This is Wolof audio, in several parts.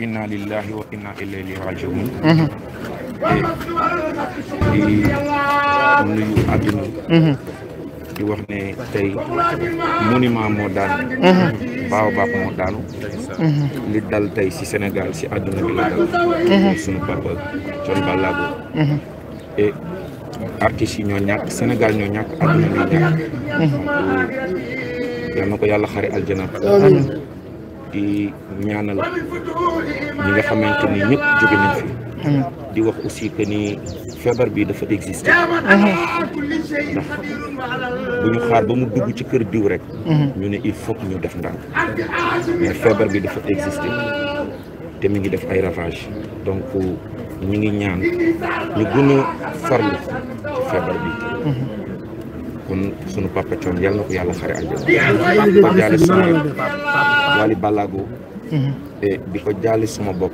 inna lillahi wa inna ilayhi rajiun mhm. eh, di nuyu àdduna mhm. di wax ne tey monument moo daanu mhm. baobab moo daanu li dal tey ci senegal ci àdduna bi la dal sunu papa Thione Ballago eh, ñoo ñàkk Sénégal ñoo ñàkk àdduna bi ñàkk yal ko yàlla xare aljana di ñaanal ñi nga xamante ni ñëpp jóge nañ fi. di wax aussi que ni feebar bi dafa exister. ndax bu ñu xaar ba mu dugg ci kër diw rek. ñu ne il faut ñu def ndànk. mais feebar bi dafa exister te mi ngi def ay ravage donc mu ngi ñaan ñu gën a farlu feebar bi. sunu papa Thion yal na ko yàlla xare àjjana. Mhm. ko jaale sama wali balaago. di ko jaale suma bopp.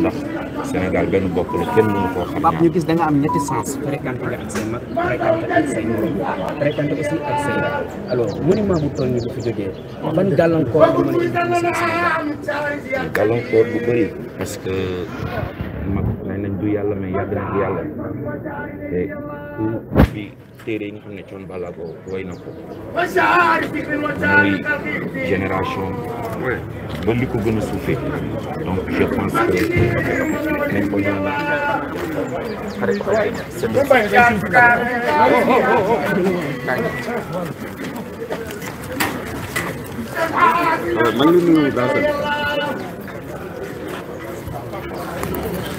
ndax Sénégal benn bopp la kenn mënu koo xam. papa ñu gis da nga am ñetti sens. fréquenté nga bu fi jógee. ban gàllankoor la mën a bu bëri parce que. mag nee nañ du yàlla mais yàgg na ci yàlla te ku bi téere yi nga xam ne coon bala ko way na ko muy génération ba li ko gën a suufee donc je pense que nañ ko ñaanal xare ko aljanna euh, man ngi nuyu